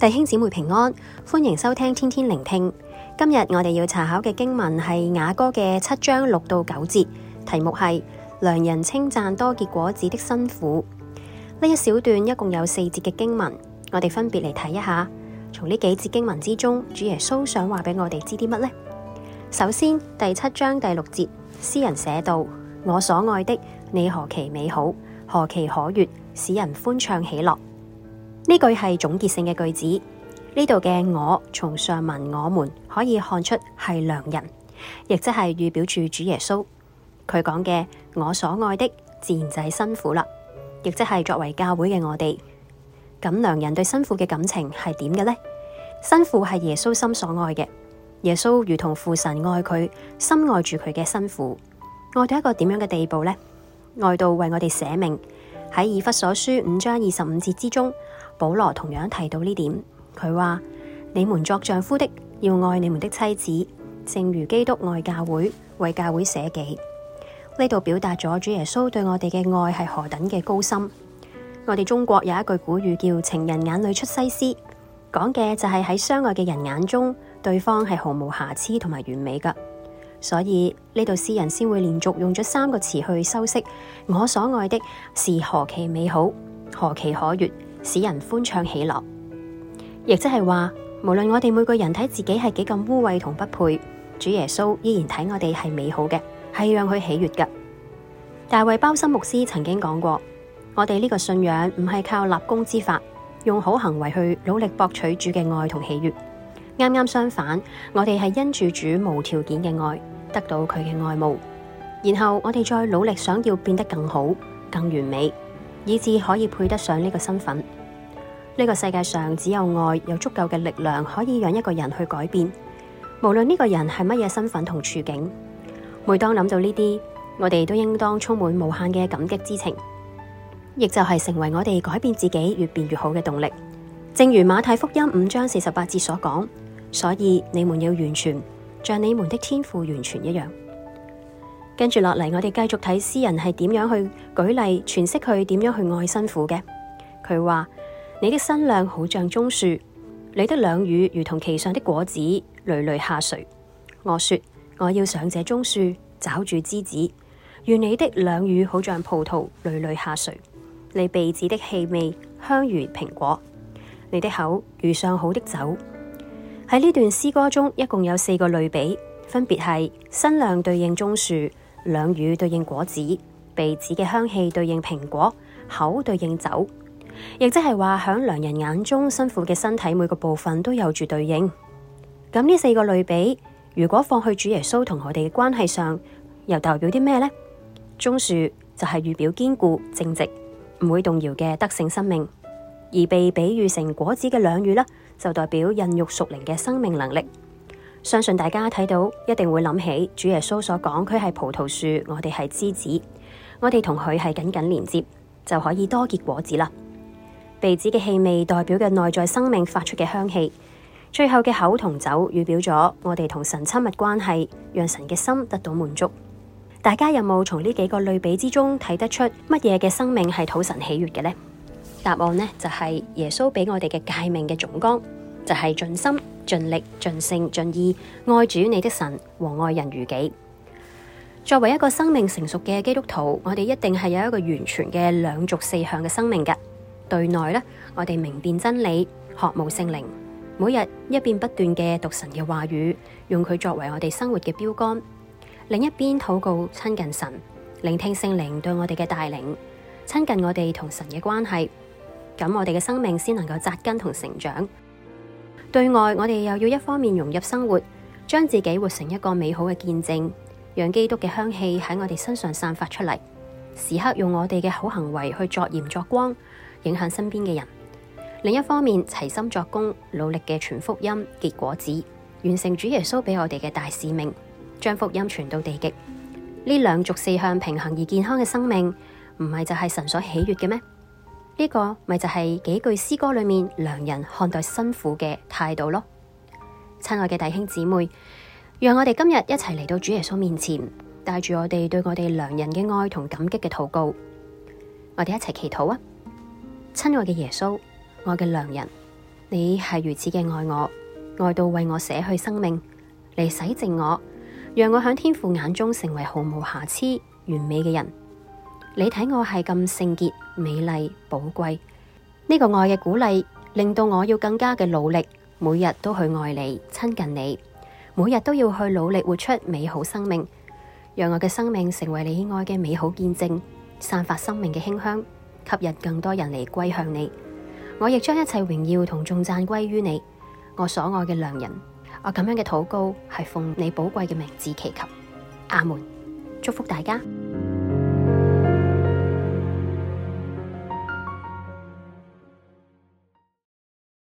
弟兄姊妹平安，歡迎收聽天天靈聽。今日我哋要查考嘅經文係雅歌嘅七章六到九節，題目係良人稱讚多結果子的新婦。呢一小段一共有四節嘅經文，我哋分別嚟睇一下。從呢幾節經文之中，主耶穌想話俾我哋知啲乜呢？首先，第七章第六節，詩人寫道：我所愛的，你何其美好，何其可悅，使人歡暢喜樂。呢句係總結性嘅句子。呢度嘅我從上文，我們可以看出係良人，亦即係預表住主耶穌。佢講嘅我所愛的，自然就係新婦啦，亦即係作為教會嘅我哋。咁良人對新婦嘅感情係點嘅呢？新婦係耶穌心所愛嘅，耶穌如同父神愛佢，深愛住佢嘅新婦，愛到一個點樣嘅地步呢？愛到為我哋捨命。喺以弗所書五章二十五節之中。保羅同樣提到呢點，佢話：你們作丈夫的要愛你們的妻子，正如基督愛教會，為教會捨己。呢度表達咗主耶穌對我哋嘅愛係何等嘅高深。我哋中國有一句古語叫“情人眼裡出西施”，講嘅就係喺相愛嘅人眼中，對方係毫無瑕疵同埋完美噶。所以呢度詩人先會連續用咗三個詞去修飾我所愛的，是何其美好，何其可悅，使人歡暢喜樂，亦即係話，無論我哋每個人睇自己係幾咁污穢同不配，主耶穌依然睇我哋係美好嘅，係讓佢喜悦嘅。大衛鮑森牧師曾經講過，我哋呢個信仰唔係靠立功之法，用好行為去努力博取主嘅愛同喜悦。啱啱相反，我哋係因住主，主無條件嘅愛，得到佢嘅愛慕，然後我哋再努力想要變得更好、更完美。以至可以配得上呢個身份。呢、這個世界上只有愛有足夠嘅力量，可以讓一個人去改變，無論呢個人係乜嘢身份同處境。每當諗到呢啲，我哋都應當充滿無限嘅感激之情，亦就係成為我哋改變自己越變越好嘅動力。正如馬太福音五章四十八節所講，所以你們要完全，像你們的天父完全一樣。跟住落嚟，我哋繼續睇詩人係點樣去舉例詮釋佢點樣去愛新婦嘅。佢話：你的身量好像棕樹，你的兩乳如同其上的果子，纍纍下垂。我說，我要上這棕樹，抓住枝子。願你的兩乳好像葡萄，纍纍下垂。你鼻子的氣味香如蘋果，你的口如上好的酒。喺呢段詩歌中，一共有四個類比，分別係身量對應棕樹。兩乳對應果子，鼻子嘅香氣對應蘋果，口對應酒，亦即係話響良人眼中，新婦嘅身體每個部分都有住對應。咁呢四個類比，如果放去主耶穌同我哋嘅關係上，又代表啲咩呢？棕樹就係預表堅固正直，唔會動搖嘅得勝生命，而被比喻成果子嘅兩乳呢就代表孕育屬靈嘅生命能力。相信大家睇到，一定會諗起主耶穌所講，佢係葡萄樹，我哋係枝子，我哋同佢係緊緊連接，就可以多結果子啦。鼻子嘅氣味代表嘅內在生命發出嘅香氣，最後嘅口同酒，預表咗我哋同神親密關係，讓神嘅心得到滿足。大家有冇從呢幾個類比之中睇得出乜嘢嘅生命係討神喜悅嘅呢？答案呢，就係、是、耶穌俾我哋嘅誡命嘅總綱。就係盡心盡力盡性盡意愛主你的神和愛人如己。作為一個生命成熟嘅基督徒，我哋一定係有一個完全嘅兩軸四向嘅生命。噶對內呢，我哋明辨真理，渴慕聖靈，每日一邊不斷嘅讀神嘅話語，用佢作為我哋生活嘅標杆；另一邊禱告親近神，聆聽聖靈對我哋嘅帶領，親近我哋同神嘅關係。咁我哋嘅生命先能夠扎根同成長。對外，我哋又要一方面融入生活，將自己活成一個美好嘅見證，讓基督嘅香氣喺我哋身上散發出嚟；時刻用我哋嘅好行為去作鹽作光，影響身邊嘅人。另一方面，齊心作工，努力嘅傳福音，結果子，完成主耶穌俾我哋嘅大使命，將福音傳到地極。呢兩軸四向平衡而健康嘅生命，唔係就係神所喜悅嘅咩？呢個咪就係幾句詩歌裏面，良人看待新婦嘅態度咯。親愛嘅弟兄姊妹，讓我哋今日一齊嚟到主耶穌面前，帶住我哋對我哋良人嘅愛同感激嘅禱告。我哋一齊祈禱啊！親愛嘅耶穌，我嘅良人，你係如此嘅愛我，愛到為我捨去生命嚟洗淨我，讓我喺天父眼中成為毫無瑕疵完美嘅人。你睇我係咁聖潔、美麗、寶貴，呢、這個愛嘅鼓勵令到我要更加嘅努力，每日都去愛你、親近你，每日都要去努力活出美好生命，讓我嘅生命成為你愛嘅美好見證，散發生命嘅馨香，吸引更多人嚟歸向你。我亦將一切榮耀同頌讚歸於你，我所愛嘅良人。我咁樣嘅禱告係奉你寶貴嘅名字祈求。阿門。祝福大家。